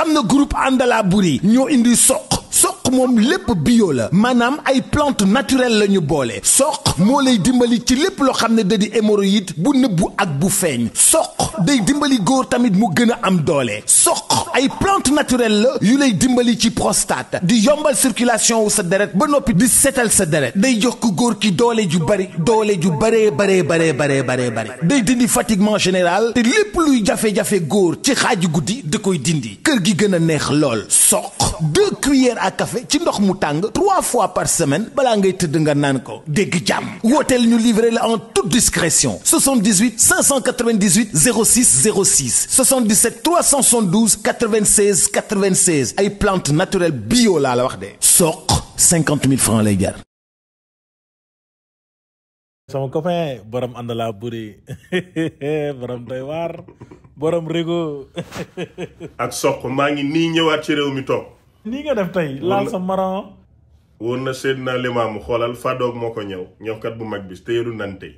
am na groupe Andala Buri ñoo indi soq soq moom lépp bio la maanaam ay plante naturelle la ñu boole soq moo lay dimbali ci lépp loo xam ne da di hémorroïde bu nëbbu ak bu feeñ soq day dimbali góor tamit mu gën a am doole soq ay plante naturelle la yu lay dimbali ci prostate di yombal circulation sa deret ba noppi di setal sa deret day jox ko góor ki doole ju bari doole ju baree baree baree baree baree bare day dindi fatiguement général te lépp luy jafe-jafe góor ci xaaju guddi da koy dindi kër gi gën a neex lool café ci ndox mu tàng trois fois par semaine balaa ngay tëdd nga naan ko dégg jàmm wooteel ñu livré la en toute discrétion 78 598 06 06 77 372 96 96 ay plantes naturelles bio laa la wax de soq 50 000 francs lay jar. sama copain borom àndalaa buri borom doy waar borom rigo. soq maa ngi nii ñëwaat ci réew mi lii nga def tey laal sa maran wóor na Seydina Limaamu xoolal Fadoog moo ko ñëw ñëwkat bu mag bi te yaru nante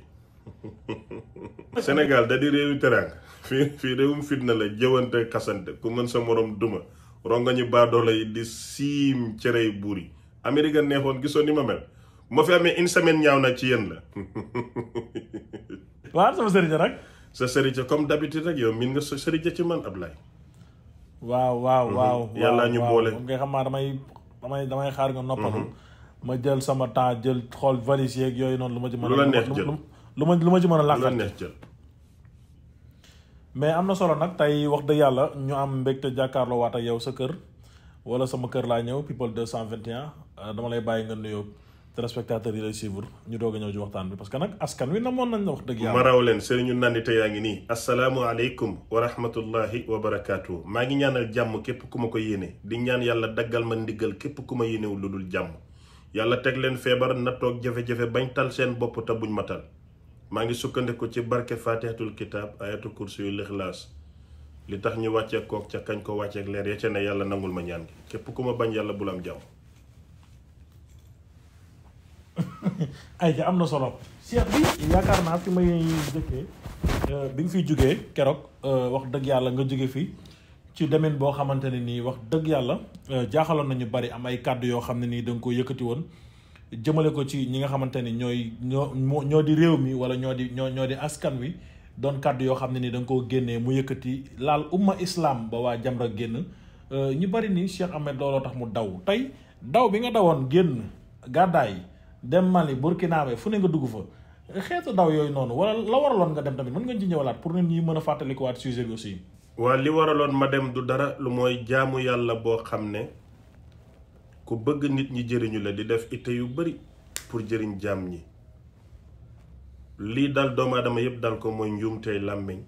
Sénégal da di réewu teraanga fii fii réewum fitna la jëwante kasante ku mën sa morom duma rongañu baadoola yi di siim cerey buur yi Amérique neexoon gisoo ni ma mel ma fi amee une semaine ñaaw na ci yéen la waaw sama sëriñ rek sa sëriñ comme d'habitude rek yow miin nga sa sëriñ ci man ab lay waaw waaw mhm. waaw yàlla ñu boole moom nga xam maa damay damay damay xaar nga noppalu mhm. ma jël sama temps jël xool valise yeeg yooyu noonu lu ma ci mën a lu la neex jël lu ma lu ma ci mën a làqal lu neex jël mais am na solo nag tey wax dëgg yàlla ñu am mbégte jàkkaarloo waat ak yow sa kër wala sama kër laa ñëw people 221 euh, dama lay bàyyi nga nuyoo téléspectateurs yi lay suivre ñu doog a ñëw ci waxtaan bi parce que nag askan wi namoon nañ la wax dëgg yàlla. ma raw leen sëriñu nandite yaa ngi nii. asalaamualeykum wa rahmatullahi wa barakaatu. maa ngi ñaanal jàmm képp ku ma ko yéene di ñaan yàlla daggal ma ndiggal képp ku ma yéenewul lu dul jàmm yàlla teg leen feebar na toog jafe-jafe bañ tal seen bopp te buñ matal maa ngi sukkandiku ci barke faatihatul kitaab ayatu kursi yu lixlaas li tax ñu wàcceek kook ca kañ ko wàcceek leer ya ca yàlla nangul ma ñaan gi képp ku ma bañ bul am jàmm ay ca am na solo Cheikh bi yaakaar naa fi may jëkkee euh, bi nga fiy jógee keroog euh, wax dëgg yàlla nga jóge fi ci domaine boo xamante ne nii wax dëgg yàlla euh, jaaxaloon ñu bari am ay kàddu yoo xam ne nii da nga ko yëkkati woon jëmale ko ci ñi nga xamante ni ñooy ñoo di réew mi wala ñoo di ñoo ñoo di askan wi doon kàddu yoo xam ne ni da nga koo génnee mu yëkkati laal umma islaam ba waa Jamra génn ñu bari nii Cheikh Ahmed looloo tax mu daw tey daw bi nga dawoon génn gàddaay dem Mali Burkina fu ne nga dugg fa xeetu daw yooyu noonu wala la waraloon nga dem tamit mën nga ci ñëwalaat pour nit ñi mën a fàttalikuwaat sujet bi aussi. waa li waraloon ma dem du dara lu mooy jaamu yàlla boo xam ne ku bëgg nit ñi jëriñu la di def itte yu bari pour jëriñ jaam ñi lii dal doomu aadama yépp dal ko mooy njuumtey làmmiñ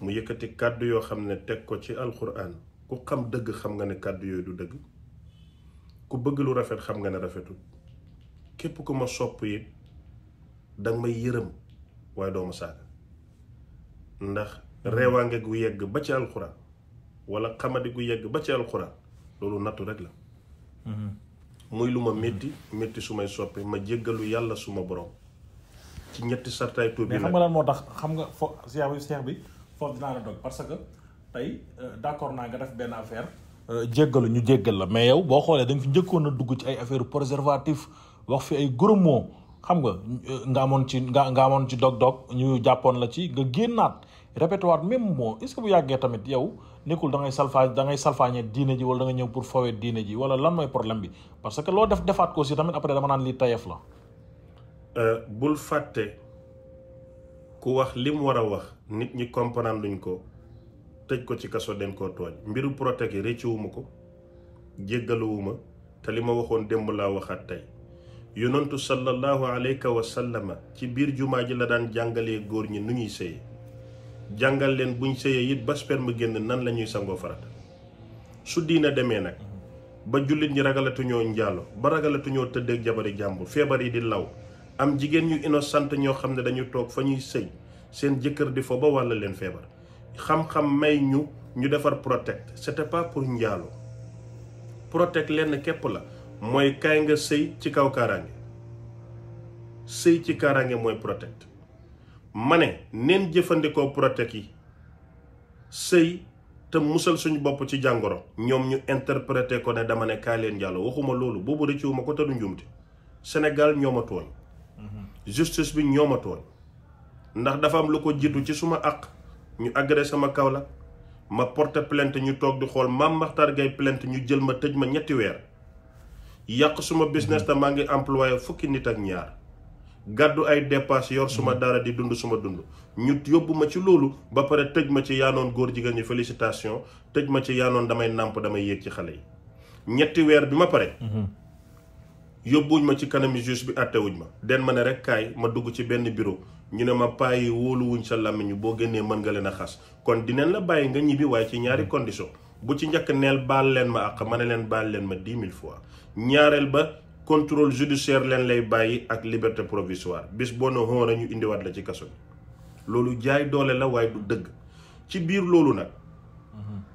mu yëkkati kàddu yoo xam ne teg ko ci alxuraan ku xam dëgg xam nga ne kàddu yooyu du dëgg ku bëgg lu rafet xam nga ne rafetul képp ku ma sopp it danga may yërëm waaye doomu ma saaga ndax reewaange gu yegg ba ci alxuraan wala xamadi gu yegg ba ci alxuraan loolu nattu rek la mm-hmm. muy lu ma métti métti su may soppi ma jéggalu yàlla suma borom ci ñetti sartaay tuub bi mais xam nga lan moo tax xam nga foo seex bi seex bi foofu dinaa la dog parce que tey euh, d'accord naa nga def benn affaire euh, jéggalu ñu jéggal la mais yow boo xoolee dañ fi njëkkoon a dugg ci ay affaire préservatif wax fi ay gros mots xam nga nga amoon ci nga nga amoon ci dog-dog ñu jàppoon la ci nga génnaat répété waat même mot est-ce que bu yàggee tamit yow nekkul da ngay salfaa da ngay salfaañe diine ji wala da nga ñëw pour fawee diine ji wala lan mooy problème bi parce que loo def defaat ko si tamit après dama naan lii tayef la. Euh, bul fàtte ku wax li mu war a wax nit ñi comprendre luñ ko tëj ko ci kaso den koo tooñ mbiru protège yi rëccuwuma ko jéggaluwuma te li ma waxoon démb laa waxaat tey. yonantu sallallahu alayka wa sallama ci biir jumaa ji la daan jàngalee góor ñi nu ñuy sëye jàngal leen buñ sëyee it ba sperme génn nan la ñuy sangoo farata su diina demee nag ba jullit ñi ragalatuñoo njaalo ba ragalatuñoo tëdd jabari jàmbur feebar yi di law am jigéen ñu innocent ñoo xam ne dañu toog fa ñuy sëy seen jëkkër di fo ba wàll leen feebar xam-xam may ñu ñu defar protect c'était pas pour njaalo protect lenn képp la mooy kaay nga sëy ci kaw kaaraange sëy ci kaaraange mooy protect ma ne neen jëfandikoo protect yi sëy te musal suñu bopp ci jàngoro ñoom ñu interprété ko ne dama ne kaay leen jàllo waxuma loolu boobu rëccuwuma ko te du njuumte Sénégal ñoo ma tooñ justice bi ñoo ma tooñ ndax dafa am lu ko jiitu ci suma àq ñu agressé sama kaw la ma porte plainte ñu toog di xool maam Makhtar Gueye plainte ñu jël ma tëj ma ñetti weer yàq suma business te maa ngi employé fukki nit ak ñaar gàddu ay dépenses yor suma mm-hmm. dara di dund suma dund ñu yóbbu ma ci loolu ba pare tëj ma ci yaanoon góor jigéen ñi félicitation tëj ma ci yaanoon damay nàmp damay yéeg ci xale yi ñetti weer bi ma pare mm-hmm. yóbbuwuñ ma ci kanami juge bi àtte àttewuñ ma den ma ne rek kaay ma dugg ci benn biro ñu ne ma payi wóoluwuñ sa làmmiñ boo génnee mën nga leen a xas kon dineen la bàyyi nga ñibbi waaye ci ñaari mm-hmm. condition bu ci njëkk neel baal ma àq ma ne baal leen ma dix mille fois ñaareel ba contrôle judiciaire leen lay bàyyi ak liberté provisoire bis boo ne xoon ñu indiwaat la ci kaso bi loolu jaay doole la waaye du dëgg ci biir loolu nag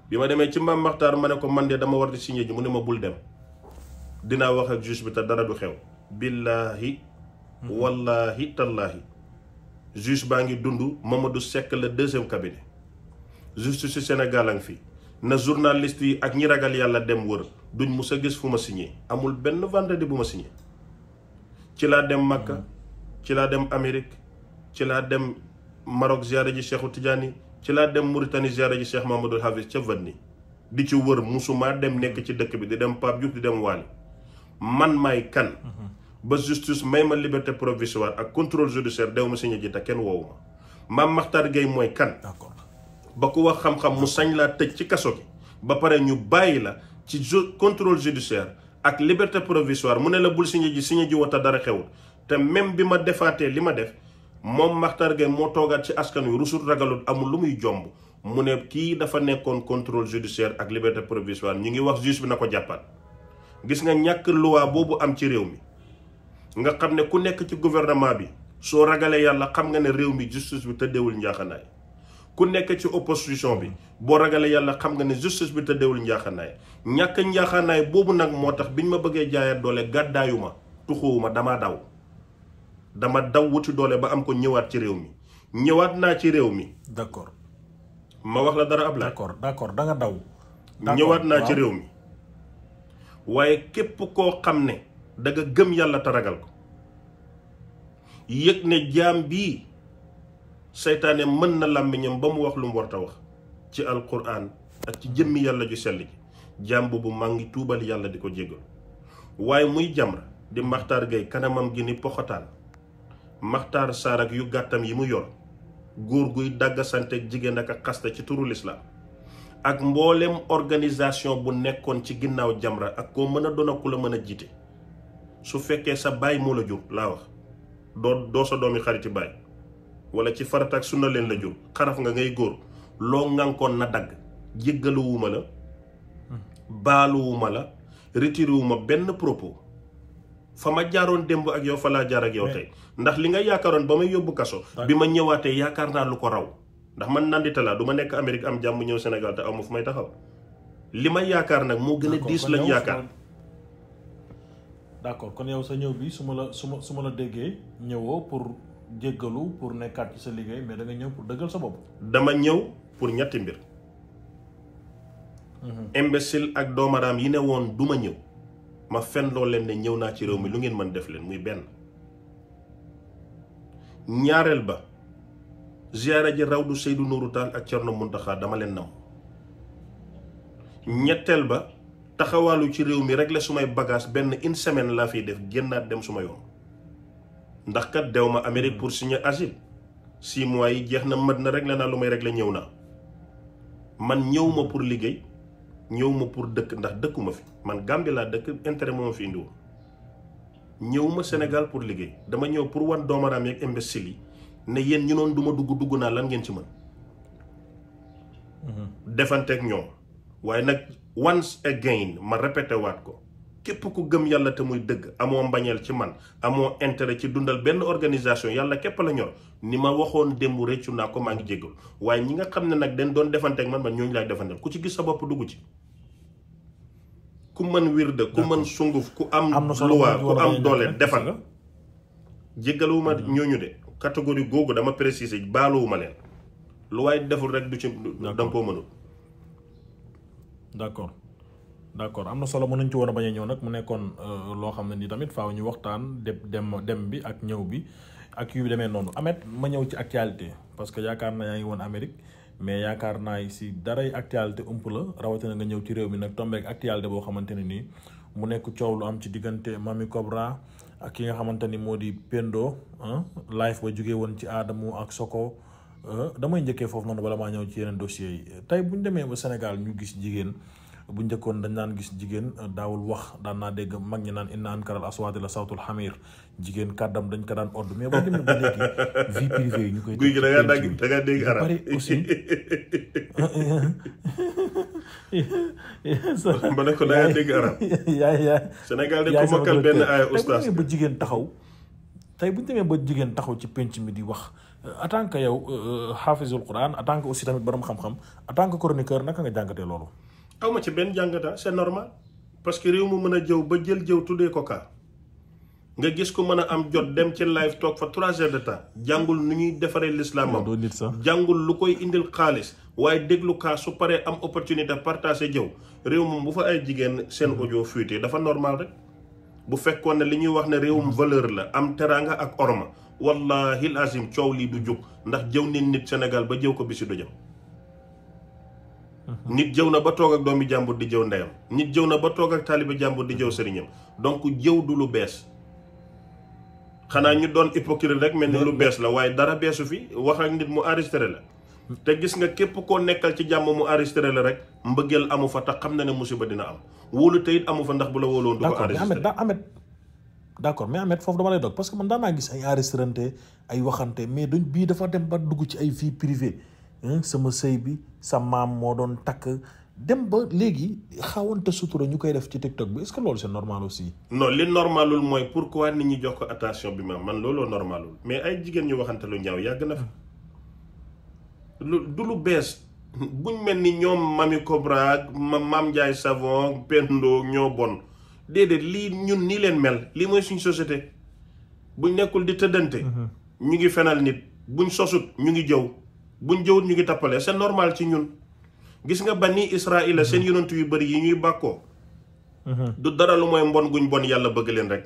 bi ma demee ci Mame maxtar ma ne ko man de dama war di signé ji mu ne ma bul dem dinaa wax ak juge bi te dara du xew billaahi wallaahi tallaahi juge baa ngi dund Mamadou Seck la deuxième cabinet justice Sénégal a ngi fii na journaliste yi ak ñi ragal yàlla dem wër duñ mus a gis fu ma signé amul benn vendredi bu ma signé ci laa dem Makka ci laa dem Amérique ci laa dem Maroc ziyaare ji Cheikhu Tidiane ci laa dem Mauritanie ziyaare ji Cheikh Mamadou Hafiz ca Vanni di ci wër musuma dem nekk ci dëkk bi di dem Pape Diouf di dem Waly man maay kan ba justice may ma liberté provisoire ak contrôle judiciaire dew ma signé ji te kenn woowu ma Mame Makhtar Gueye mooy kan ba ku wax xam-xam mu sañ laa tëj ci kaso gi ba pare ñu bàyyi la ci contrôle judiciaire ak liberté provisoire mu ne la bul signé ji signé ji wata dara xewul te même bi ma defaatee li ma def moom Makhtar Gueye moo toogaat ci askan wi rusul ragalul amul lu muy jomb mu ne kii dafa nekkoon contrôle judiciaire ak liberté provisoire ñu ngi wax juge bi na ko jàppaat gis nga ñàkk loi boobu am ci réew mi nga xam ne ku nekk ci gouvernement bi soo ragalee yàlla xam nga ne réew mi justice bi tëddeewul njaaxanaay ku nekk ci opposition bi boo ragalee yàlla xam nga ne justice bi tëddeewul njaaxaanaay ñàkk njaaxaanaay boobu nag moo tax biñ ma bëggee jaayaat doole gàddaayu ma tuxuwuma damaa daw dama daw wuti doole ba am ko ñëwaat ci réew mi ñëwaat naa ci réew mi. d'accord ma wax la dara ab la d'accord d'accord da nga daw. ñëwaat naa ci réew mi waaye képp koo xam ne danga gëm yàlla te ragal ko yëg ne jaam bii. seytaane mën na làmmiñam ba mu wax lu mu warta wax ci alquran ak ci jëmm yàlla ju sell ji jaam boobu maa ngi tuubal yàlla di ko jéggal waaye muy jamra di maxtar gay kanamam gi ni poxotaan maxtaar saarak yu gàttam yi mu yor góor guy ak jigéen ak a xaste ci turu lislaam ak mboolem organisation bu nekkoon ci ginnaaw jamra ak koo mën a doon ak ku la mën a jiite su fekkee sa baay moo la jur laa wax doo sa doomi xariti baay wala ci farataak sunna leen la jur xaraf nga ngay góor loo ngànkoon na dagg jéggaluwuma la baaluwuma la retiréwuma benn propos fa ma jaaroon démb ak yow fa laa jaar ak yow tey ndax li nga yaakaaroon ba may yóbbu kaso bi ma ñëwaatee yaakaar naa lu ko raw ndax man nandita laa du ma nekk Amérique am jàmm ñëw Sénégal te amu fu may taxaw li ma yaakaar nag moo gën a diis lañ yaakaar d'accord kon yow sa ñëw bi su ma la su su ma la déggee ñëwoo pour jéggalu pour nekkaat sa liggéey da nga ñëw pour dëggal sa bopp. dama ñëw pour ñetti mbir. Mm-hmm. imbécile ak doomaraam yi ne woon duma ñëw ma fen loo leen ne ñëw naa ci réew mi lu ngeen mën def leen muy benn. ñaareel ba ziyaara ji raw Rawdu Seydou Nourou Tall ak Thierno Mountakha dama leen nam ñetteel ba taxawaalu ci réew mi rek la sumay bagage benn une semaine laa fi def génnaat dem suma yoon. ndax kat dew ma Amérique pour signer asile six mois yi jeex na mat na réglé naa lu may réglé ñëw naa man ñëw ma pour liggéey ñëw ma pour dëkk ndax dëkkuma fi man Gambie laa dëkk intérêt moo ma fi indiwoon ñëw ma Sénégal pour liggéey dama ñëw pour wan doomaraam yeeg imbécile yi ne yéen ñu noonu du ma dugg dugg naa lan ngeen ci mën mhm. defanteeg ñoom waaye nag once again ma répété waat ko képp ku gëm yàlla te muy dëgg amoo mbañeel ci man amoo intérêt ci dundal benn organisation yàlla képp la ñor ni ma waxoon démb réccu naa ko maa ngi jégalu waaye ñi nga xam ne nag dañ doon defanteek ak man man ñooñu laay defanteel ku ci gis sa bopp dugg ci ku mën wirde ku mën sunguf ku am luwaa ku am dooleel defal jégaluwuma mm-hmm. ñooñu de catégorie googu dama préciser baaluwuma leen lu waaye deful rek du ci danga koo mënul d'accord d' accord am na solo mën nañ ci woon a bañ ñëw nag mu nekkoon euh, loo xam ne nii tamit faaw ñu waxtaan dem dem dem bi ak ñëw bi ak yu demee noonu Ameth ma ñëw ci actualité parce que yaakaar naa yaa ngi woon Amérique mais yaakaar naa si daray actualité ëmp la rawatina nga ñëw ci réew mi nag tombeek actualité boo xamante ne nii mu nekk coow lu am ci diggante mami Cobra ak ki nga xamante ni moo di Pendo live ba jógee woon ci Adamo ak Soko euh, damay njëkkee foofu noonu bala maa ñëw ci yeneen dossiers yi tey bu demee ba Sénégal ñu gis jigéen. bu njëkkoon dañ naan gis jigéen euh, daawul wax daan naa dégg mag ñi naan inna ankaral aswaati la sawtul xamir jigéen kàddam dañ ko daan odd mais boo demee ba léegi vie privée dégg arab aussi ba ne ko da dégg arab yaay yaay Sénégal de ko mokkal benn aaya oustaz ba jigéen taxaw tey bu ñu demee ba jigéen taxaw ci penc mi di wax euh, en tant que yow euh, xaafisul quran en tant que aussi tamit borom xam-xam en tant que chroniqueur naka nga jàngatee loolu xaw ma ci benn jàngata c'est normal parce que réew mu mën a jëw ba jël jëw tuddee ko kaa nga gis ko mën a am jot dem ci live toog fa trois de temps jàngul nu ñuy defaree lislaamam jàngul lu koy indil xaalis waaye déglu su paree am opportunité partager jëw réew moom bu fa ay jigéen seen mm-hmm. audio fuité dafa normal rek bu fekkoon ne li ñuy wax ne réewum mm-hmm. valeur la am teraanga ak orma wallahi lazim coow lii du jóg ndax jëw nit nit Sénégal ba jëw ko bisi du jëm Uh-huh. nit jëw na ba toog ak doomi jàmbur di jëw ndeyam nit jëw na ba toog ak taalibe jàmbur di jëw sëriñam donc jëw du lu bees xanaa ñu doon hypocrite rek mel ni lu bees la waaye dara beesu fi wax ak nit mu enregistré la te gis nga képp koo nekkal ci jàmm mu enregistré la rek mbëggeel amu fa te xam na ne musiba dina am wóolu te amu fa ndax bu la wóoloon du ko enregistré d' accord mais Ahmed foofu dama lay dog parce que man daan naa gis ay enregistrante ay waxante mais bii dafa dem ba dugg ci ay vie privée sama sëy bi sa maam moo doon takk dem ba léegi xawante sutura ñu koy def ci TikTok bi est-ce que loolu c'est normal aussi. non li normalul mooy pourquoi nit ñi jox ko attention bi maam man looloo normalul mais ay jigéen ñu waxante lu ñaaw yàgg na fa lu du lu bees buñ mel ni ñoom Mamy Cobra ak maam Ndiaye Savon Pendo ñoo bon déedéet lii ñun nii leen mel lii mooy suñ société buñ nekkul di tëddante. Mhm. ñu ngi fenal nit buñ sosut ñu ngi jëw. buñ jëwut ñu ngi tappale seen normal ci ñun gis nga bani israila mhm. seen yonent yu bëri yi ñuy bàkkoo mhm. du dara lu mooy mbon guñ bon yàlla bëgg leen rek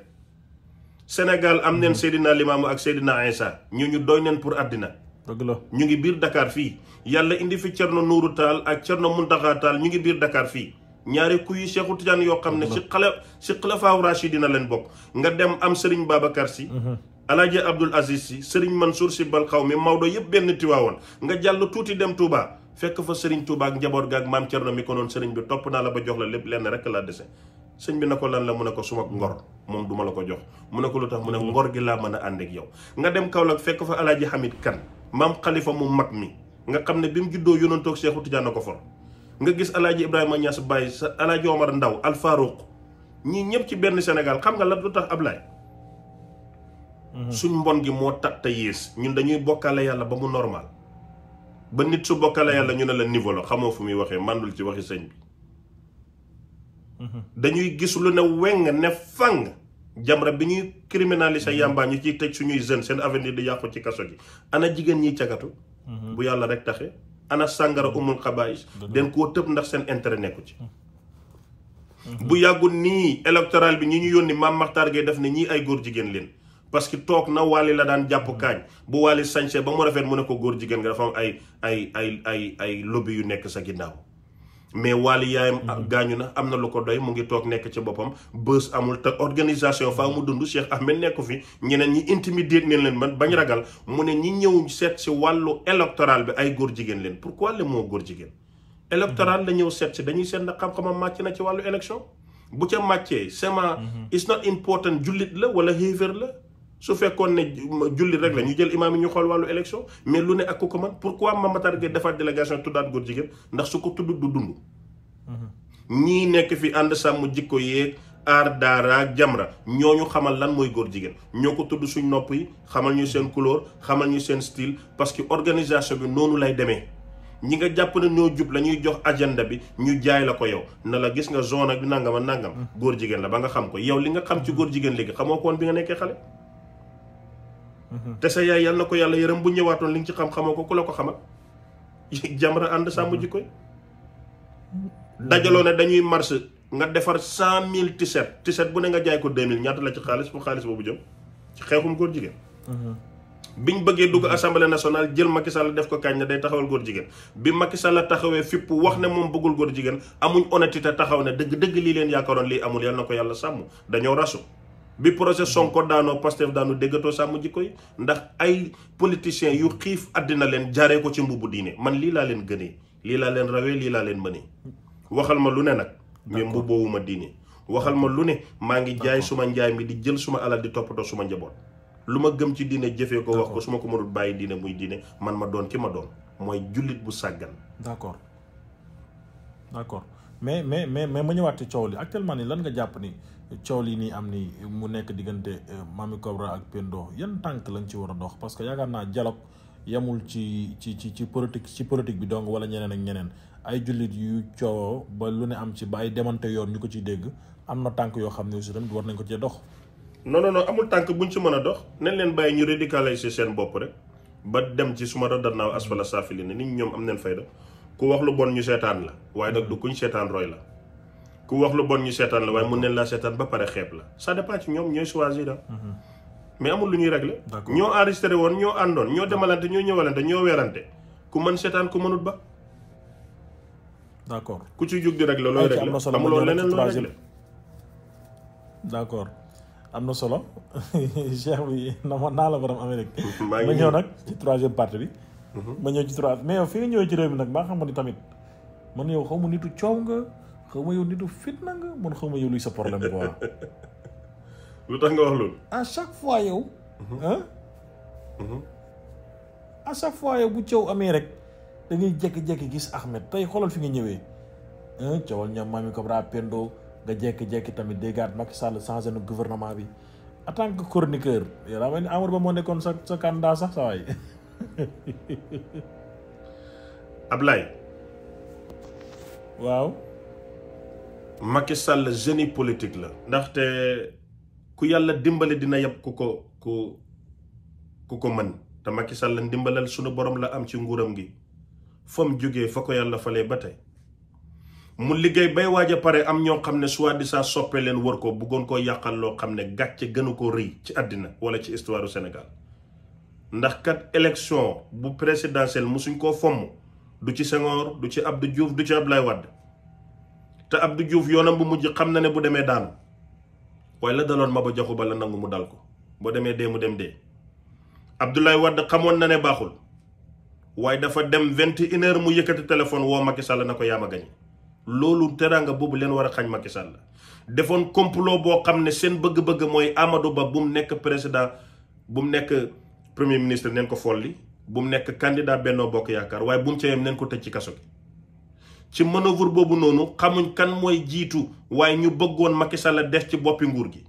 Sénégal am neen mhm. Seydina Limaamu ak Seydina Insa ñu ñu doy neen pour àddina dëgg la ñu ngi biir Dakar fii yàlla indi fi cer na Nuuru Taal ak na Muntaxa Taal ñu ngi biir Dakar fii ñaari kuy Seexu Tijaan yoo xam ne si xale si yi dina leen bokk nga dem am Sëriñ Babacar Si alaaji abdul aziz si sëriñ mansuur si bal xaw mi Maodo yëpp benn tiwaawoon nga jàll tuuti dem Touba fekk fa sëriñ Touba njaboot ga ak maam Cerno mi ko noon sëriñ bi topp naa la ba jox la lépp lenn rek laa dese sëñ bi na ko lan la mu ne ko suma ngor moom duma la ko jox mu ne ko lu tax mu ne ngor gi laa mën a ànd ak yow nga dem Kaolack fekk fa alaaji Hamid Kan maam xalifa mu mag mi nga xam ne bi mu juddoo yonantoog Seexu Tijaan na ko for nga gis alaaji Ibrahima Niass Baye sa alaaji Omar Ndaw Al Farouq ñëpp ci benn Sénégal xam nga la lu tax Ablaye Mhm. suñ mbon gi moo tatta yées ñun dañuy bokkale yàlla ba mu normal ba nit su bokkale yàlla ñu ne la nivelo la xamoo fu muy waxee màndul ci waxi sëñ bi mhm. dañuy gis lu ne weng ne fang jamra bi ñuy criminaliser mhm. yàmbaa ñu ciy tëj suñuy jeunes seen avenir di yàqu ci kaso gi ana jigéen ñiy cagatu bu yàlla rek taxe ana sàngara umul xabaayis den koo tëb ndax seen intere nekku ci bu yàggul nii électoral bi ñu ñu yónni maam Maxtaar Gueye def ne ñii ay góor jigéen leen parce que toog na Wally la daan jàpp mm. kaañ bu Wally sañse ba mu rafet mu ne ko góor jigéen nga dafa am ay ay ay ay ay lobby yu nekk sa ginnaaw mais Wally yaayam mm. gaañu na am na lu ko doy mu ngi toog nekk ci boppam bës amul te organisation faa mu dund Cheikh Ahmed nekk fi ñeneen ñi intimider neen leen man bañ ragal mu ne ñi ñëw seet si wàllu électoral bi ay góor jigéen leen pourquoi le moo góor jigéen électoral mm. la ñëw seet si dañuy seet na xam-xamam màcc na ci wàllu élection bu ca màccee seulement mm-hmm. it's not important jullit la wala xéeféer la su fekkoon ne julli rek la ñu jël imaam yi ñu xool wàllu élection mais lu ne ak ku ko mën pourquoi Mame Matar Gueye defaat délégation tuddaat góor jigéen ndax su ko tudd du dund. Mm-hmm. ñii nekk fi ànd sàmm jikko yeeg aar daaraak ñoo ñu xamal lan mooy góor jigéen ñoo ko tudd suñ nopp yi xamal ñu seen couleur xamal ñu seen style parce que organisation bi noonu lay demee. ñi nga jàpp ne ñoo jub la ñuy jox agenda bi ñu jaay la ko yow na la gis nga zone ak nangam ak nangam. Mm-hmm. góor jigéen la ba nga xam ko yow li nga xam ci mm-hmm. góor jigéen léegi xamoo ko bi nga nekkee xale. te sa yaay yàlla na ko yàlla yërëm bu ñëwaatoon li nga ci xam-xamoo ko ku la ko xamal Jamra ànd sàmm mm-hmm. ji yi dajaloo ne dañuy marché nga defar cent mille t-shirt t-shirt bu ne nga jaay ko deux mille ñaata la ci xaalis fu xaalis boobu jëm ci xeexum góor jigéen mm-hmm. ñu bëggee dugg assemblée nationale jël Macky Sall def ko kañ ne day taxawal góor jigéen bi Macky la taxawee fipp wax ne moom bëggul góor jigéen amuñ honnêteté taxaw ne dëgg dëgg lii leen yaakaaroon lii amul yàlla na ko yàlla sàmm dañoo rasu bi projet Sonko daanoo Pastef daanu déggatoo sàmm jikko yi ndax ay politiciens yu xiif àddina leen jaaree ko ci mbubbu diine man lii laa leen gënee lii laa leen rawee lii laa leen mënee waxal ma lu ne nag mais mbubboowuma diine waxal ma lu ne maa ngi jaay suma njaay mi di jël suma alal di toppatoo suma njaboot lu ma gëm ci diine jëfee ko wax ko su ko mënul bàyyi diine muy diine man ma doon ki ma doon mooy jullit bu sàggan d'accord d'accord mais mais mais mais ma ñëwaat ci coow li actuellement nii lan nga jàpp ni coow lii nii am ni mu nekk diggante eh, Mamy Cobra ak Pendo yan tànk lañ ci war a dox parce que yaakaar naa dialogue yemul ci ci ci ci politique ci politique bi donc wala ñeneen ak ñeneen ay jullit yu coowoo ba lu ne am ci ba ay demante yoon ñu ko ciy dégg am na tànk yoo xam ne aussi tamit war nañ ko cee dox. non non amul tànk buñ ci mën a dox nañ leen bàyyi ñu si seen bopp rek ba dem ci suma raddarnaaw asfala saafili ne nit ñoom am nañ fayda ku wax lu bon ñu seetaan la waaye nag du kuñ seetaan roy la. ku wax lu bon ñu seetaan la waaye mun nañ seetaan ba pare xeeb la ça dépend ci ñoom ñooy choisir da ah. mhm. mais amul lu ñuy régler ñoo enregistré woon ñoo àndoon ñoo demalante ñoo ñëwalante ñoo weerante ku mën seetaan ku mënut ba d'accord ku ci jug di régler looy régler amuloo leneen looy régler d'accord am na solo cheikh bi na ma naa la borom Amérique ma ñëw nag ci troisième partie bi mhm. ma ñëw ci trois mais yow fi nga ñëwee ci réew mi nag maa xam ni tamit man yow xaw ma nitu coow xaw ma yow nitu fitna nga man xaw ma yow luy sa problème quoi. lu tax nga wax loolu. à chaque fois yow. Mhm. Mhm. à chaque fois yow bu coow amee rek da ngay jékki-jékki gis Ahmed tey xoolal fi nga ñëwee. coowal ñoom Mamy Cobra Pendo nga jékki-jékki tamit déggaat Macky Sall changé na gouvernement bi en tant que chroniqueur yow daa mel ni Ba moo nekkoon sa sa candidat sax sa waay. Ablaye. waaw. Macky Sall génie politique la ndaxte ku yàlla dimbale dina yab ku ko ku ku ko mën te Macky Sall ndimbalal sunu borom la am ci nguuram gi fa mu jógee fa ko yàlla falee ba tey mu liggéey bay waaj pare am ñoo xam ne soit di saa soppee leen wër ko bëggoon koo yàqal loo xam ne gàcce gënu ko rëy ci àddina wala ci histoire Sénégal ndax kat élection bu présidentielle musuñ koo fomm du ci Senghor du ci Abdou Diouf du ci lay Wade te Abdou Diouf yoonam bu mujj xam na ne bu demee daanu waaye la daloon Maba Jaxu Ba la nangu mu dal ko boo demee dee mu dem dee Abdoulaye Wade xamoon na ne baaxul waaye dafa dem vingt et une mu yëkkati téléphone woo Macky Sall na ko yaa ma gañe loolu teraanga boobu leen war a xañ Macky la defoon complot boo xam ne seen bëgg-bëgg mooy Amadou Ba bu mu nekk président bu mu nekk premier ministre neen ko folli bu mu nekk candidat Benno Bokk Yaakaar waaye bu mu ca yem ko tëj ci kaso gi ci manœuvre boobu noonu xamuñ kan mooy jiitu waaye ñu bëggoon Macky Sall def ci boppi nguur gi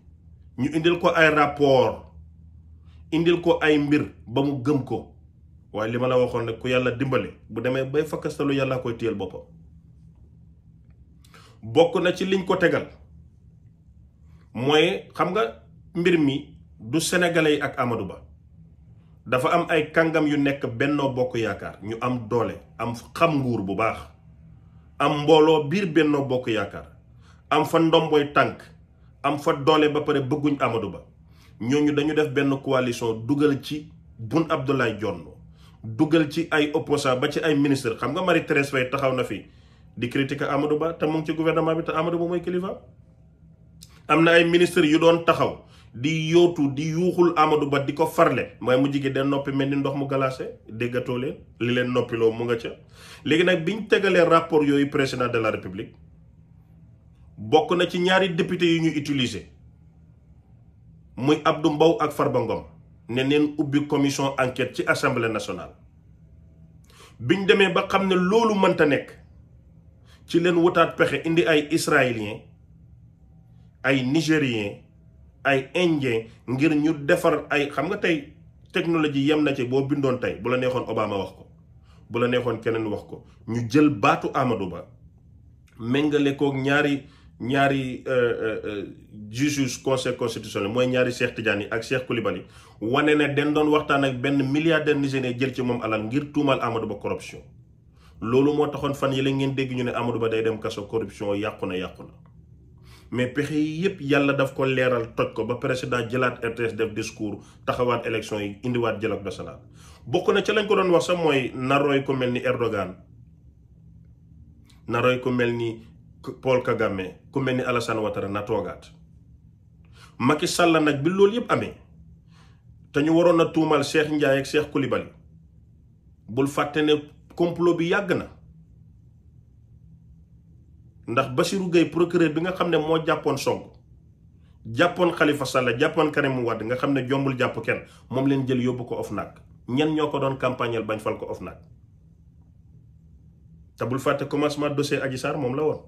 ñu indil ko ay rapport indil ko ay mbir ba mu gëm ko waaye li ma la waxoon nag ku yàlla dimbale bu demee bay fakkastalu yàllaa koy téyel boppam bokk na ci liñ ko tegal mooy xam nga mbir mi du sénégalais yi ak Amadou Ba dafa am ay kàngam yu nekk Benno Bokk Yaakaar ñu am doole am xam nguur bu baax am mbooloo biir Benno Bokk Yaakaar am fa ndomboy tànk am fa doole ba pare bëgguñ amadu Ba ñoo ñooñu dañu def benn coalition dugal ci bun Boun Abdallah Dionne dugal ci ay opposants ba ci ay ministre xam nga mari Thérèse Faye taxaw na fi di critiquer amadu Ba te mu ngi ci gouvernement bi te Amadou Ba mooy kilifa am na ay ministre yu doon taxaw di yootu di yuuxul Amadou Ba di ko farle mooy mu gi de noppi mel ni ndox mu galaase déggatoo leen li leen noppiloo mu nga ca léegi nag biñ tegalee rapport yooyu président de la république bokk na ci ñaari député yu ñuy utiliser muy Abdou Mbow ak Farba Ngom ne neen ubbi commission enquête ci assemblée national biñ demee ba xam ne loolu mënta nekk ci leen wutaat pexe indi ay israélien ay nigérien ay indien ngir ñu defar ay xam nga tey technologie yem na ci boo bindoon tey bu la neexoon Obama wax ko bu la neexoon keneen wax ko ñu jël baatu Amadou Ba méngale koog ñaari ñaari euh, euh, euh, juge conseil constitutionnel mooy ñaari Cheikh Tidiane ak Cheikh Koulibaly wane ne den doon waxtaan ak benn milliardaire nigérien jël ci moom alal ngir tuumal Amadou Ba corruption loolu moo taxoon fan yi la ngeen dégg ñu ne Amadou Ba day dem kaso corruption yàqu na yàqu na mais pexe yi yépp yàlla daf ko leeral toj ko ba président jëlaat RTS def discours taxawaat élection yi indiwaat dialogue national bokk na ca lañ ko doon wax sax mooy narooy ko mel ni Erdogan narooy ko mel ni Paul Kagame ku mel ni Alassane Ouattara na toogaat Macky Sall nag bi loolu yépp amee te ñu waroon a tuumal Cheikh Ndiaye ak Cheikh Koulibaly bul fàtte ne complot bi yàgg na ndax ba Bassirou Gueye procureur bi nga xam ne moo jàppoon Sonko jàppoon xalifa Sall jàppoon Karim Wade nga xam ne jombul jàpp kenn moom leen jël yóbbu ko OFNAC ñenn ñoo ko doon campagneel bañ fal ko OFNAC tabul bul fàtte commencement dossier Adji Sarr moom la woon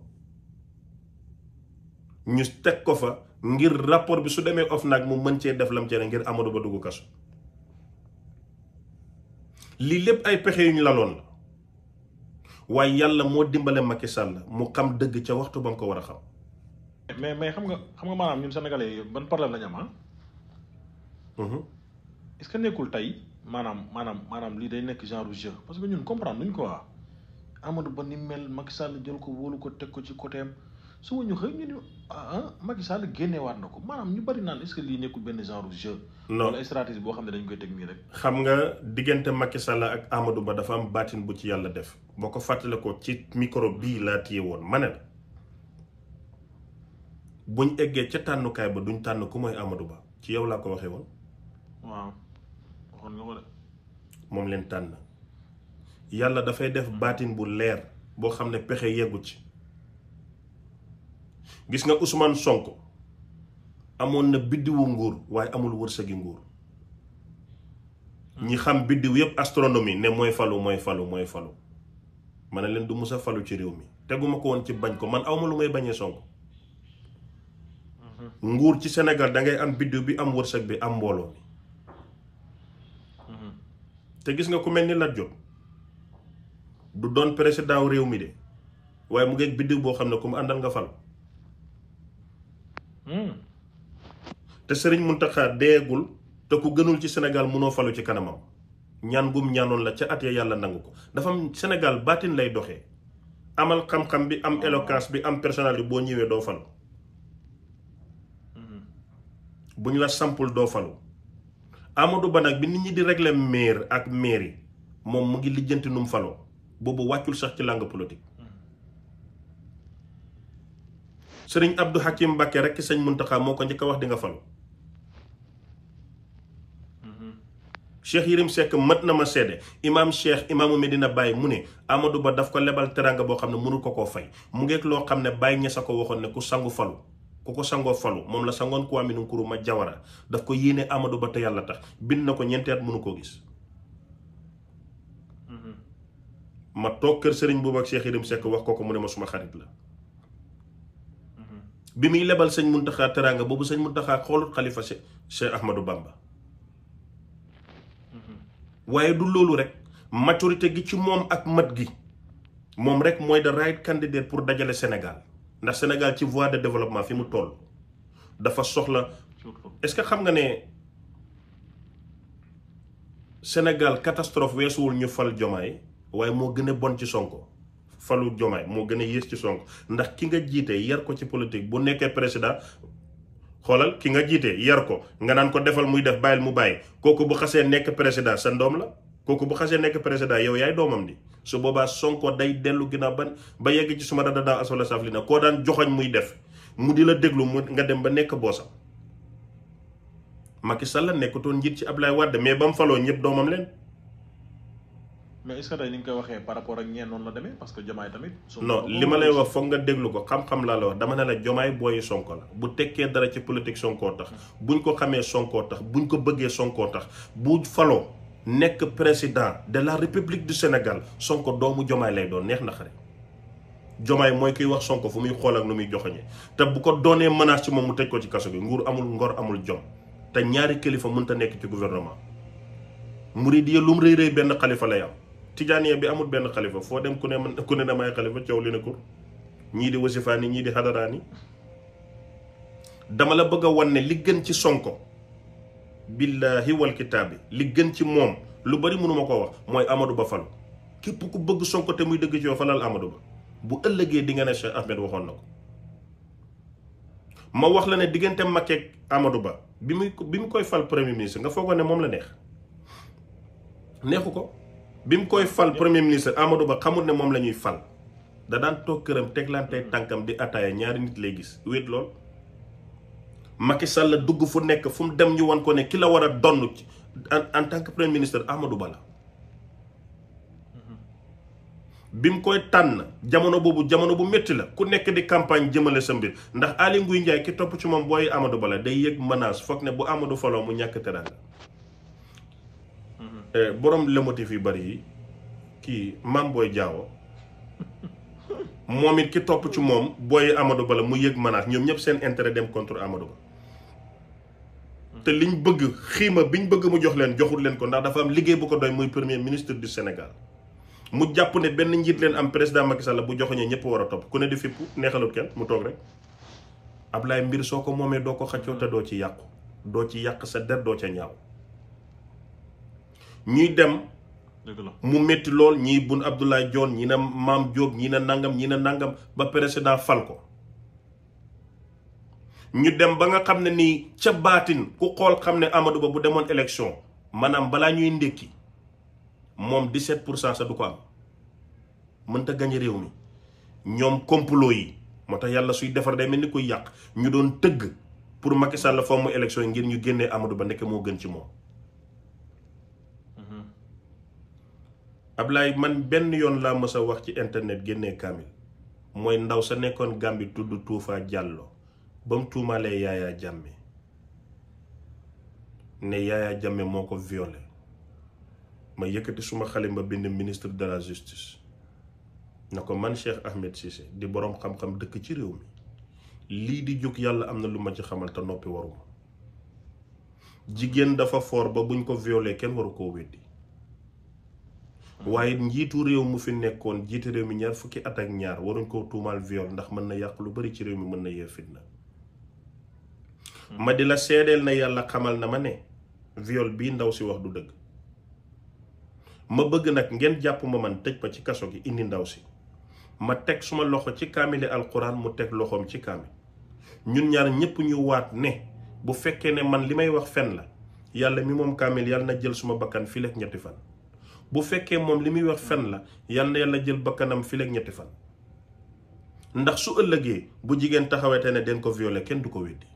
ñu teg ko fa ngir rapport bi su demee OFNAC mu mën cee def lam cee ngir Amadou Ba dugg kaso lii lépp ay pexe yu ñu laloon la waaye yàlla moo dimbale Macky Sall mu xam dëgg ca waxtu ba mu ko war a xam. mais mais xam nga xam nga maanaam ñun sénégalais ban problème la ñu am ah? mhm. est-ce que nekkul tey maanaam maanaam maanaam lii day nekk genre jeu parce que ñun comprendre nuñ ko Amadou Ba ni mel Macky Sall jël ko wóolu ko teg ko ci côté am suba ñu xëy ñu ne ah, ah Macky na ko maanaam ñu bari naan est-ce que lii nekkul benn genre jeu. non wala boo xam ne dañ koy teg nii rek. xam nga diggante Macky Sall ak amadu Ba dafa am baatin bu ci yàlla def boo ko fàttalikoo ci micro bii laa téye woon ma ne la buñ eggee ca tànnukaay ba duñ tànn ku mooy Amadou Ba ci yow laa ko waxee woon. moom leen tànn yàlla dafay def baatin bu leer boo xam ne pexe yeggu ci. gis nga Ousmane Sonko amoon na biddiwu nguur waaye amul wërsëgi nguur ñi xam biddiw yépp astronomie ne mooy falu mooy falu mooy falu ma ne leen du musa falu ci réew mi teguma ko woon ci bañ ko man awma lu may bañee Sonko mhm. nguur ci senegal dangay am biddiw bi am wërsëg bi am mbooloo mi mhm. te gis nga ku mel ni Lat Diop du doon président réew mi de waaye mu ngeeg biddiw boo xam ne ku mu àndal nga fal Hmm. te sëriñ Muntaxa deegul te ku gënul ci Sénégal mënoo falu ci kanamam ñaan gum ñaanoon la ca at ya yàlla nangu ko dafa am Sénégal baatin lay doxee amal xam-xam bi am éloquence bi am personnalité boo ñëwee doo falu hmm. bu ñu la sampul doo falu Amadou Ba bi nit ñi di régler maire ak mairie moom mu ngi lijjanti num faloo boobu wàccul sax ci langue politique sëriñ Abdou Hakim Mbacke rek sëñ Muntaxa moo ko njëkk wax di nga falu mhm. Cheikh Yérim Seck mat na ma seede imaam Cheikh imaamu dina bàyyi mu ne Amadou Ba daf ko lebal teranga boo xam ne mënul ko koo fay mu ngeeg loo xam ne bàyyi ña sa ko waxoon ne ku sangu falu ku ko sangoo falu moom la sangoon Kwame Nkrumah Jawara daf ko yéene amadu Ba te yàlla tax bind na ko ñeenti at mënu koo gis. Mhm. ma toog kër sëriñ boobu ak Cheikh Yérim Seck wax ko ko mu ne ma suma xarit la. bi muy lebal sëñ Muntaxa teraanga boobu sëñ Muntaxa xoolut xalifa Cheikh Ahmadou Bamba mm-hmm. waaye du loolu rek maturité gi ci moom ak mat gi moom rek mooy the right candidate pour dajale Sénégal ndax Sénégal ci voie de développement fi mu toll dafa soxla est-ce que xam nga ne Sénégal catastrophe weesuwul ñu fal Jomaay waaye moo gën a bon ci Sonko falu jomaay moo gën a yées ci Sonko ndax ki nga jiite yar ko ci politique bu nekkee président xoolal ki nga jiite yar ko nga naan ko defal muy def bàyyil mu bàyyi kooku bu xasee nekk président sa ndoom la kooku bu xasee nekk président yow yaay doomam di su boobaa Sonko day dellu ginnaaw ban ba yegg ci suma dada daa asfala saflina koo daan joxoñ muy def mu di la déglu mu nga dem ba nekk boosam Macky Sall la nekkatoon njiit ci Ablaye Wade mais ba mu faloo ñëpp doomam leen mais est-ce que tey waxee par rapport ak ñeen noonu la demee parce que jomaay tamit. non li ma lay wax foog nga déglu ko xam-xam laa la wax dama ne la jomaay booyi sonko la bu tekkee dara ci politique sonkoo tax bu ñu ko xamee sonkoo tax buñ ko bëggee sonkoo tax bu faloo nekk président de la république du Sénégal sonko doomu jomaay lay doon neex na xare jomaay mooy kiy wax sonko fu muy xool ak nu muy joxoñe te bu ko doonee menace ci moom mu teg ko ci kaso bi nguur amul ngor amul jom te ñaari kilifa mënta nekk ci gouvernement murid yi lu mu rëy rëy benn xalifa lay am tijaaniya bi amul benn xalifa foo dem ku ne man ku ne damay xalifa coow li na ko ñii di wasifaani ñii di xadaraani dama la bëgg a wan ne li gën ci sonko billaahi wal kitaab bi li gën ci moom lu bari mënuma koo wax mooy Amadou Ba képp ku bëgg sonko te muy dëgg ci yow falal bu ëllëgee di nga ne Cheikh waxoon na ko ma wax la ne diggante Macky ak Ba bi muy bi mu koy fal premier ministre nga foogoon ne moom la neex neexu ko bi mu koy fal premier ministre Amadou Ba xamul ne moom la ñuy fal da daan toog këram teglante tànkam di ataaya ñaari nit lay gis wéet lool. Macky la dugg fu nekk fu mu dem ñu wan ko ne ki la war a donn en tant que premier ministre amadu Ba la mm-hmm. bi mu koy tànn jamono boobu jamono bu métti la ku nekk di campagne jëmale sa mbir ndax Aly Ngouille Ndiaye ki topp ci moom booy Amadou Ba la day yëg menace foog ne bu amadu faloo mu ñàkk teraanga Eh, borom lomotif yu bari yi kii maam booy jaawo moom it ki topp ci moom booy Amadou Ba la mu yëg menace ñoom ñëpp seen intérêt dem contre Amadou Ba te ñu bëgg xiima ñu bëgg mu jox leen joxul leen ko ndax dafa am liggéey bu ko doy muy premier ministre du Sénégal mu jàpp ne benn njiit leen am président Macky Sall bu joxoñee ñëpp war a topp ku ne di fippu neexalut kenn mu toog rek ab Ablaye mbir soo ko moomee doo ko xaccoo te doo ci yàqu doo ci yàq sa der doo ca ñuy dem. mu métti lool ñii bun Abdallah Dionne ñii na maam Diop ñii na nangam ñi na nangam ba président fal ko. ñu dem ba nga xam ne nii ca baatin ku xool xam ne Amadou Ba bu demoon élection maanaam balaa ñuy ndékki moom 17 pour cent sa du ko am mënta gañe réew mi ñoom complot yi moo tax yàlla suy defar day mel ni koy yàq ñu doon tëgg pour Macky Sall la fomm élection ngir ñu génnee Amadou Ba nekk moo gën ci moom. ab lay man benn yoon laa mësa wax ci internet génne kaamil mooy ndaw sa nekkoon Gàmbi tudd Tuufa Jàllo ba mu tuumaalee Yaya Jammeh ne Yaya Jammeh moo ko violé ma yëkkati suma xale ma bind ministre de la justice na ko man Cheikh Ahmed Cissé di boroom xam-xam dëkk ci réew mi lii di jóg yàlla am na lu ma ci xamal te noppi waruma jigéen dafa foor ba buñ ko violé kenn waru koo weddi waaye njiitu réew mu fi nekkoon jiite réew mi ñaar fukki at ak ñaar waruñ koo tuumaal viol ndax mën na yàq lu bari ci réew mi mën na yee fitna hmm. ma di la seedeel na yàlla xamal na ma ne viol bii ndaw si wax du dëgg ma bëgg nag ngeen jàpp ma man tëj ma ci kaso gi indi ndaw si ma teg suma loxo ci kaamili alquran mu teg loxoom ci kaamil ñun ñaar ñépp ñu waat ne bu fekkee ne man li may wax fen la yàlla mi moom kaamil yàlla na jël suma bakkan fii ñetti fan bu fekkee moom li muy wax fen la yal na yàlla jël kanam fileeg ñetti fan ndax su ëllëgee bu jigéen taxawete ne den ko viole kenn du ko weddi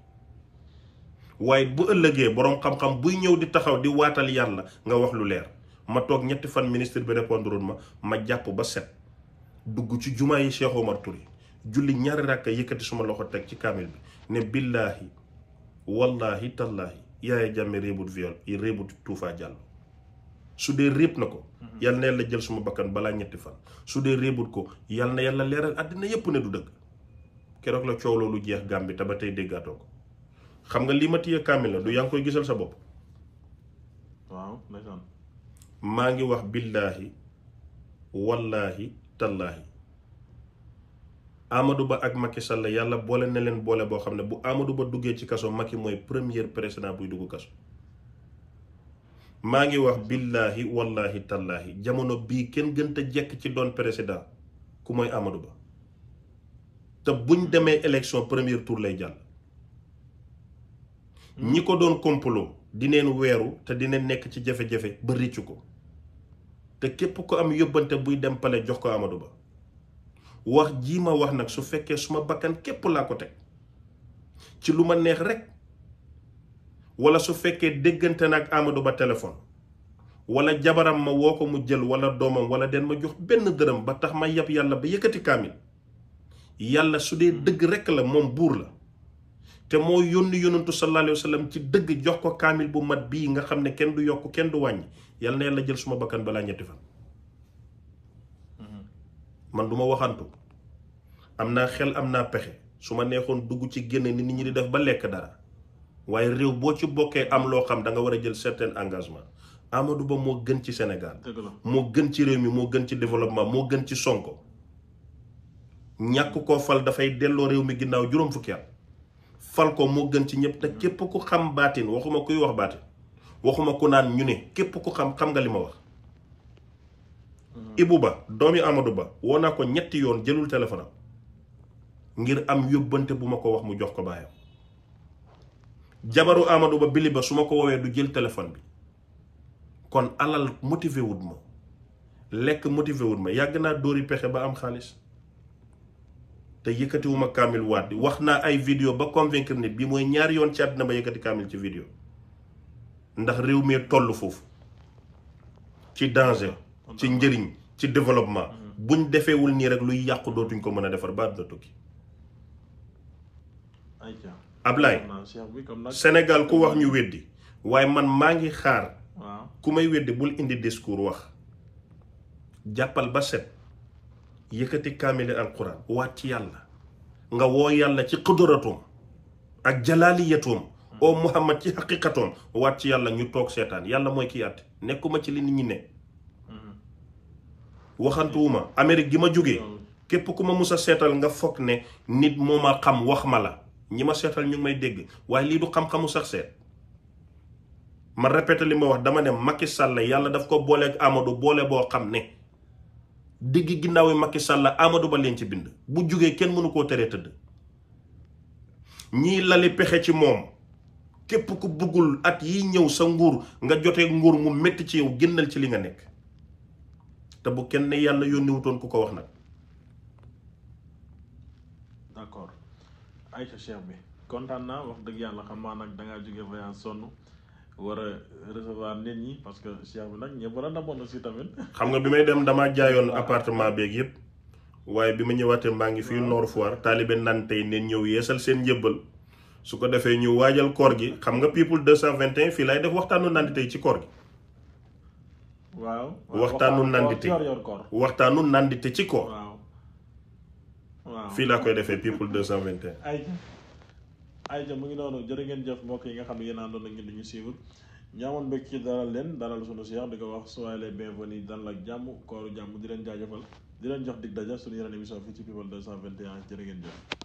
waaye bu ëllëgee boroom xam-xam buy ñëw di taxaw di waatal yàlla nga wax lu leer ma toog ñetti fan ministre bi répondre ma ma jàpp ba set dugg ci jumaa yi Cheikh Omar Touré julli ñaari ràkka yëkkati suma loxo teg ci kaamil bi ne billaahi wallaahi tallaahi yaaya jàmme réebut viol réebut tuufaa jàll su dee réeb na ko mhm. yal na yàlla jël suma bakkan balaa ñetti fan su dee réebut ko yal na yàlla leeral àddina yépp ne du dëgg keroog la coow loolu jeex bi te ba tey déggaatoo ko xam nga lii ma téye kaamil la du yàng ngi koy gisal sa bopp maa ngi wax billaahi wallaahi tallaahi Amadou Ba ak Macky Sall yàlla boole na leen boole boo xam ne bu Amadou Ba duggee ci kaso Macky mooy premier président buy dugg kaso maa ngi wax billaahi wallaahi tallaahi jamono bii kenn gën te jekk ci doon président ku mooy Amadou Ba te buñ demee élection premier tour lay jàll hmm. ñi ko doon complot dineen weeru te dineen nekk ci jafe-jafe ba rëccu ko te képp ko am yóbbante buy dem pale jox ko Amadou Ba wax jii ma wax nag su fekkee suma bakkan képp laa ko teg ci lu ma neex rek wala su fekkee déggante na ak Amadou Ba téléphone wala jabaram ma woo ko mu jël wala doomam wala den ma jox benn gërëm ba tax ma yab yàlla ba yëkkati kaamil yàlla su dee dëgg rekk la moom buur la te moo yónni yonantu sallallahu alayhi wa ci dëgg jox ko kaamil bu mat bii nga xam ne kenn du yokk kenn du wàññi yàlla na yàlla jël suma bakkan balaa ñetti fan mm-hmm. man du ma waxantu am naa xel am naa pexe su ma neexoon dugg ci génn ni nit ñi di def ba lekk dara waaye réew boo ci bokkee am loo xam da nga war a jël certain engagement Amadou Ba moo gën ci Sénégal moo gën ci réew mi moo gën ci développement moo gën ci Sonko ñàkk ko fal dafay delloo réew mi ginnaaw juróom fukki at fal ko moo gën ci ñëpp te képp ku xam baatin waxuma kuy wax baatin waxuma ku naan ñu ne képp ku xam xam nga li ma wax mm-hmm. Ibou Ba doomi Amadou Ba woo naa ko ñetti yoon jëlul téléphone ngir am yóbbante bu ma ko wax mu jox ko baayam jabaru Amadou Ba bili ba su ma ko woowee du jël téléphone bi kon alal motivé wut ma lekk motivé wut ma yàgg naa dóori pexe ba am xaalis te yëkkatiwuma kaamil waat di wax naa ay vidéo ba convaincre ne bii mooy ñaari yoon ci àddina ma yëkkati kaamil ci vidéo ndax réew mi toll foofu ci danger ci njëriñ ci développement mm-hmm. buñ defeewul nii rek luy yàqu dootuñ ko mën a defar ba àdduna tukki Ablaye Sénégal ku wax ñu weddi waaye man maa ngi xaar ku may weddi bul indi discours wax jàppal ba set yëkkati kaamile alquran waat ci yàlla nga woo yàlla ci qudratoom ak jalaaliyatoom oo muhammad ci xaqiqatoom waat ci yàlla ñu toog seetaan yàlla mooy kii àtte nekkuma ci li nit ñi ne mm-hmm. waxantuwuma Amérique gi ma jógee mm-hmm. képp ku ma mus a seetal nga foog ne nit moo ma xam wax ma la ñi ma seetal ñu may dégg waaye lii du xam-xamu sax seet ma répété li ma wax dama ne Macky Sall yàlla daf ko booleeg amadu boole boo xam ne digg ginnaaw yi Macky Sall Amadou Ba leen ci bind bu jógee kenn mënu koo teree tëdd ñii lali pexe ci moom képp ku bëggul at yi ñëw sa nguur nga jotee nguur mu métti ci yow génnal ci li nga nekk te bu kenn yàlla yónni wutoon ku ko wax nag Aïcha Cheikh bi kontaan naa wax dëgg yàlla xam naa nag dangaa jóge voyage sonn war a recevoir nit ñi parce que Cheikh bi nag ñëpp war a daboon aussi tamit. xam nga bi may dem damaa jaayoon appartement beeg yëpp waaye bi ma ñëwaatee maa ngi fii Nord Foire taalibe naan tey neen ñëw yeesal seen njëbbal su ko defee ñu waajal koor gi xam nga people 221 fii lay def waxtaanu naan tey ci koor gi. waaw waxtaanu nandite waxtaanu ci koor. fii laa koy defee people 221. ay ayca mu ngi noonu jërë ngeen jëf mbokk yi nga xam ne yéen a àndoon ak ñun du ñu suivre ñu amoon ci dalal leen daral sunu Cheikh di wax soyez les bienvenus dalal ak jàmm kooru jàmm di leen jaajëfal di leen jox dig daja suñu yeneen émission fii ci people 221 jërë ngeen jëf.